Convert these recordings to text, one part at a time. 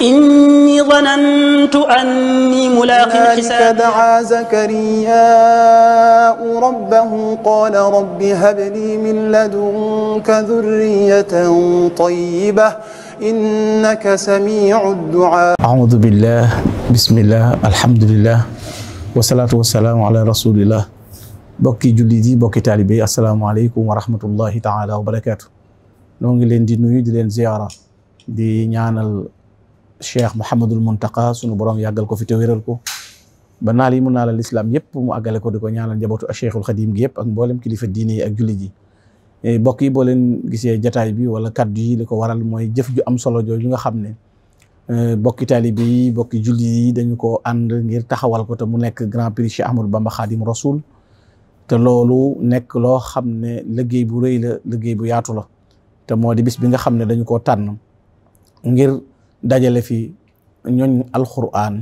إني ظننت أني ملاق حسابي دعا زكرياء ربه قال رب هب لي من لدنك ذرية طيبة إنك سميع الدعاء أعوذ بالله بسم الله الحمد لله wasalaatu wasalaamu ala rasulillah bokki jullit yi bokki taalibe yi asalaamaaleykum wa rahmatullahi taala wa barakaatu noo ngi leen di nuyu di leen ziyaara di ñaanal cheikh Mouhamadul Muntaqa sunu borom yàggal ko fi te wéral ko ba naal yi mu naalal lislaam yëpp mu àggale ko di ko ñaanal njabootu ak cheikhul xadim gi yëpp ak mboolem kilifa diine yi ak jullit yi. E, mbokk yi boo leen gisee jataay bi wala kaddu yi li ko waral mooy jëf ju am solo jooju nga xam ne e, bokki taalibe yi bokki jullit yi dañu ko ànd ngir taxawal ko te mu nekk grand prix Cheikh Ahmadou Bamba Khadim Rasoul te loolu nekk loo xam ne liggéey bu rëy la liggéey bu yaatu la te moo di bi nga xam ne dañu koo tànn dajale fi ñooñ alxuraan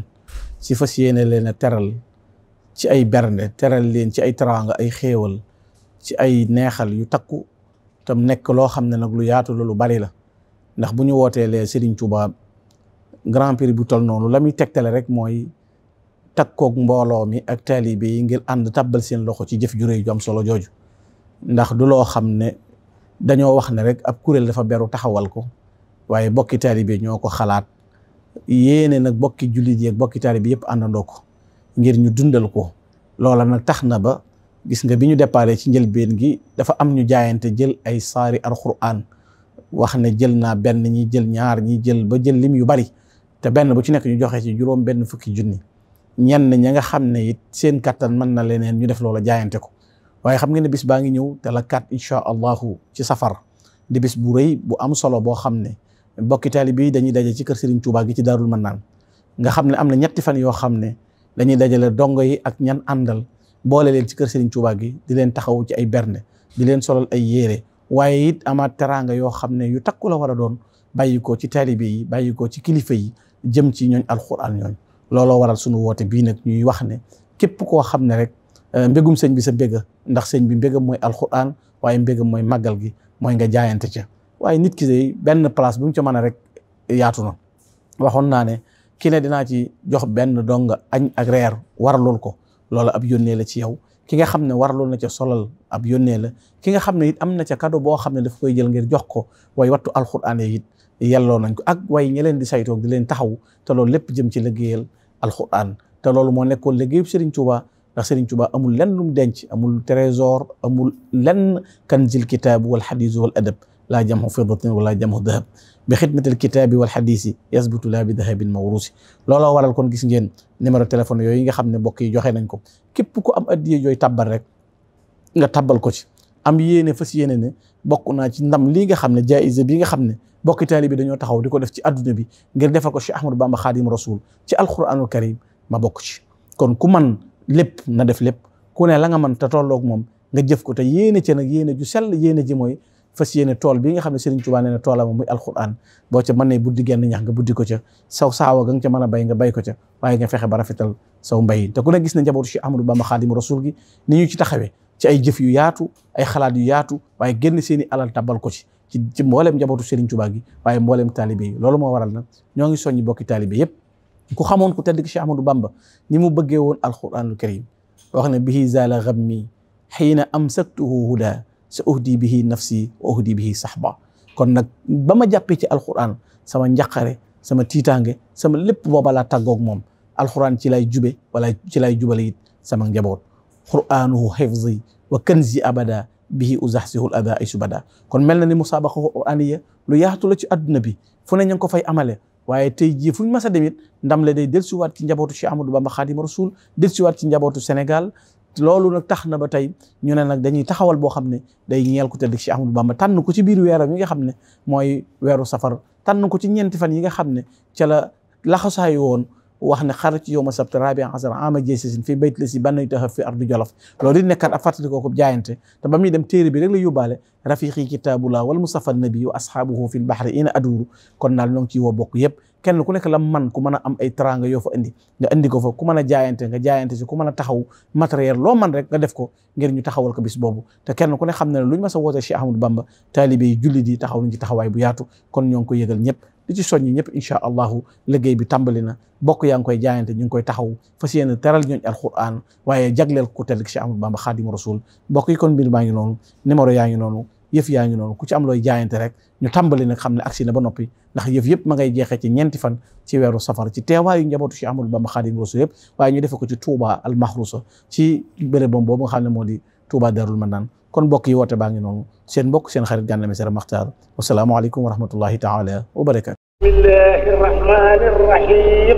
ci fas yéene leen a teral ci ay bernde teral leen ci ay teraanga ay xéewal ci ay neexal yu takku tam nekk loo xam ne nag lu yaatu la lu bari la ndax bu ñu wootee lee Serigne Touba grand prix bu tol noonu la muy tegtale rek mooy takkoog mbooloo mi ak taalibe yi ngir ànd tabbal seen loxo ci jëf ju rëy am solo jooju ndax du loo xam ne dañoo wax ne rek ab kuréel dafa beru taxawal ko waaye bokki taalibe ñoo ko xalaat yéene nag bokki jullit yi ak bokki taalibe yëpp àndandoo ko ngir ñu dundal ko loola na tax na ba gis nga bi ñu déparé ci njëlbeen gi dafa am ñu jaayante jël ay saari alquran wax ne jël naa benn ñi jël ñaar ñi jël ba jël lim yu bari te benn bu ci nekk ñu joxe ci juróom benn fukki junni ñenn ña nga xam ne it seen kattan mën na leneen ñu def loola jaayante ko waaye xam nga ne bis baa ngi ñëw te la kat incha allahu ci safar di bu rëy bu am solo boo xam ne mbokki taalibe yi dañuy daje ci kër Serigne Touba gi ci Daarul Mannaan nga xam ne am na ñetti fan yoo xam ne dañuy dajale dongo yi ak ñan àndal boole leen ci kër Serigne Touba gi di leen taxawu ci ay bernde di leen solal ay yéere waaye it amaat teraanga yoo xam ne yu takku la war a doon bàyyi ci taalibe yi bàyyi ci kilifa yi jëm ci ñooñ alxuraan ñooñ looloo waral sunu woote bii nag ñuy wax ne képp koo xam ne rek euh, mbegum sëñ bi sa mbéga ndax sëñ bi mbégam mooy alxuraan waaye mbégam mooy màggal gi mooy nga jaayante ca waaye nit ki day benn place bu mu ci mën rek yaatu na waxoon naa ne ki ne dinaa ci jox benn dong añ ak reer waralul ko loolu ab yónnee la ci yow ki nga xam ne waralul na ca solal ab yónnee la ki nga xam ne it am na ca kado boo xam ne daf koy jël ngir jox ko way wattu alxuraan yi yelloo nañ ko ak way ñi di saytoog di leen taxaw te loolu lépp jëm ci liggéeyal alxuraan te loolu moo nekkoon liggéeyub Serigne Touba ndax Serigne Touba amul lenn lum denc amul trésor amul lenn kan kitaabu wal xadiis wal laa jamhu fiddatin wala jamhu dahab bi xidmatil kitaabi wal xadiisi yasbutu laa bi dahabin mawruusi looloo waral kon gis ngeen numéro téléphone yooyu nga xam ne mbokk yi joxe nañ ko képp ku am addiye yooyu tabbal rek nga tabbal ko ci am yéene fas yéene bokk naa ci ndam lii nga xam ne jaayise bi nga xam ne bokki taalibe bi dañoo taxaw di ko def ci adduna bi ngir defal ko Cheikh Ahmadou Bamba Xaadim Rasul ci alquranul karim ma bokk ci kon ku man lépp na def lépp ku ne la nga mën te tolloog moom nga jëf ko te yéene ca nag yéene ju sell yéene ji mooy fas yéene tool bi nga xam ne Serigne Touba nee na toolam muy alxuraan boo ca mën ne buddi genn ñax nga buddi ko ca saw saawa ga nga ca man a bay nga bay ko ca waaye nga fexe ba rafetal saw mbay te ku ne gis na njabootu Cheikh Ahmadou Bamba Xaadimu Rasuul gi ni ñu ci taxawee ci ay jëf yu yaatu ay xalaat yu yaatu waaye génn seeni alal tabal ko ci ci ci mbooleem njabootu Serigne Touba gi waaye mbooleem taalibe yi loolu moo waral nag ñoo ngi soññi bokki taalibe yépp ku xamoon ku tedd ki Cheikh Ahmadou Bamba ni mu bëggee woon alxuraanul karim wax ne bihi zaala gammi xiina amsaktuhu huda sa uhdi bihi nafsi wa bi bihi sahba kon nag ba ma jàppee ci alquran sama njaqare sama tiitaange sama lépp boobalaa laa moom alxuraan ci lay jube wala ci lay jubale it sama njaboot quraanuhu hifzi wa kanzi abada bihi uzaxsihul ada ay subada kon mel na ni musaabaqa quraaniya lu yaatu la ci adduna bi fu ne ñan ko fay amale waaye tey jii fu ñu mas a dem ndam le day dellusiwaat ci njabootu Cheikh Ahmadou Bamba Xaadimu Rasuul dellusiwaat ci njabootu senegal loolu nag tax na ba tey ñu ne nag dañuy taxawal boo xam ne day ñeel ku tedd ci Ahmadou Bamba tànn ko ci biir weeram yi nga xam ne mooy weeru safar tànn ko ci ñeenti fan yi nga xam ne ca la laxasaay woon wax ne xarit yow ma sabti rabi asar ama si sisin fii bayt la si bannay taxaf fi ardu jolof loolu di nekkat ab fàttali kooku jaayante te ba muy dem téere bi rek la yóbbaale rafiqi kitaabullah wal mustafa nabi wa ashaabuhu fi l bahri ina aduuru kon naal ñoo ngi ciy bokk yëpp kenn ku nekk la man ku mën a am ay teraanga yoo fa indi nga indi ko fa ku mën a jaayante nga jaayante si ku mën a taxaw matériel loo man rek nga def ko ngir ñu taxawal ko bis boobu te kenn ku ne xam na ne lu ñu mas a wootee Cheikh Ahmadou Bamba taalibe taxaw nañ ci bu yaatu kon ñoo ngi ko yëgal ñëpp li ci soññ ñëpp incha allahu liggéey bi tàmbali na bokk yaa ngi koy jaayante ñu ngi koy taxaw fas yéene teral ñooñ alquran waaye jagleel ku tedd Cheikh Ahmadou Bamba xaadimu rasul bokk yi kon mbir baa ngi noonu numéro yaa ngi noonu yëf yaa ngi noonu ku ci am looy jaayante rek ñu tàmbali nag xam ne agsi na ba noppi ndax yëf yëpp ma ngay jeexee ci ñeenti fan ci weeru safar ci teewaayu njabootu Cheikh Ahmadou Bamba Xaadimu Rasuul yëpp waaye ñu defe ko ci Touba al Mahrousa ci béréb boobu nga xam ne moo di Touba Darul Manaan kon mbokk yi woote baa ngi noonu seen bokk seen xarit Gana Messere Maxtaar wasalaamualeykum wa rahmatullahi taala wa barakaatu bismillahi rahmani rahim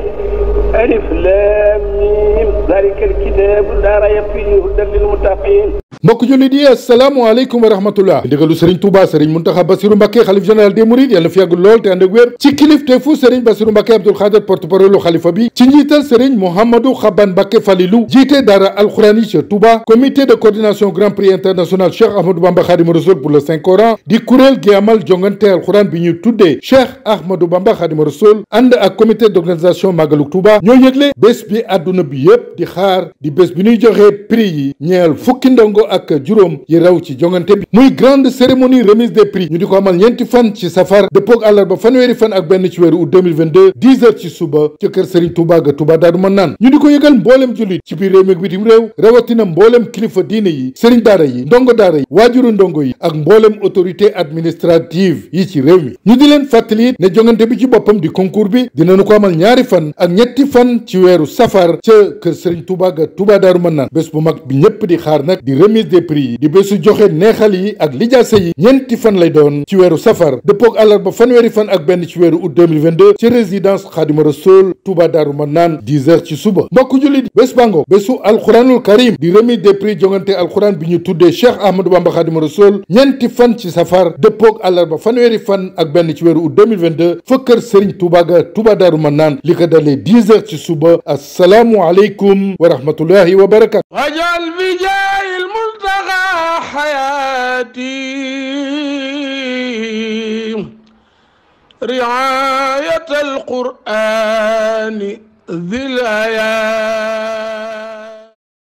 alif mbokk jullit yi asalaamaaleykum wa rahmatullah ndigalu sëriñ Touba sëriñ Muntaxa Basiru Mbàkke xalif général des mourides yàlla na fi yàgg lool te ànd ak wér ci kilifteefu sëriñ Basiru Mbàkke Abdul Xaadir porte-parole xalifa bi ci njiital sëriñ Mouhamadou Xaban Mbàkke Falilu jiite daara alxuraani ca Touba comité de coordination grand prix international Cheikh Ahmadou Bamba Xaadimu Rasuul pour le Saint Coran di kuréel gi amal jongante alxuraan bi ñuy tuddee Cheikh Ahmadou Bamba Xaadimu bi àdduna bi yépp di xaar di bés bi ñuy joxee prix yi ñeel fukki ndongo ak juróom yi raw ci jongante bi muy grande cérémonie remise des prix ñu di ko amal ñeenti fan ci safar dëppoog àllarba fanweeri fan ak benn ci weeru août 2022 10 heures ci suba ci kër Serigne Touba ga Touba Daaru Manaan ñu di ko yëgal mboolem jullit ci biir réew mi bitim réew rawatina mboolem kilifa diine yi sëriñ daara yi ndongo daara yi waajuru ndongo yi ak mbooleem autorité administrative yi ci réew mi ñu di leen fàttali ne jongante bi ci boppam di concours bi dinañu ko amal ñaari fan ak ñetti fan ci weeru safar ca kër Serigne Touba ga Touba Daaru bés bu mag bi ñëpp xaar nag di remise des prix yi di bésu joxe neexal yi ak lijaase yi ñeenti fan lay doon ci weeru safar dëppook àllarba fanweeri fan ak benn ci weeru août 2022 ci résidence Xaadima Rasool Touba Daaru Manaan 10 heures ci suba mbokk jullit bés bango bésu alxuraanul karim di remise des prix jongante alxuraan bi ñu tuddee Cheikh Ahmadou Bamba Xaadima Rasool ñeenti fan ci safar dëppook àllarba fanweeri fan ak benn ci weeru août 2022 fa kër Serigne Touba ga Touba Daaru Manaan li ko dalee 10 heures ci suba assalaamu aleykum wa rahmatullahi wa barakatu التي رعاية القرآن ذي الأيام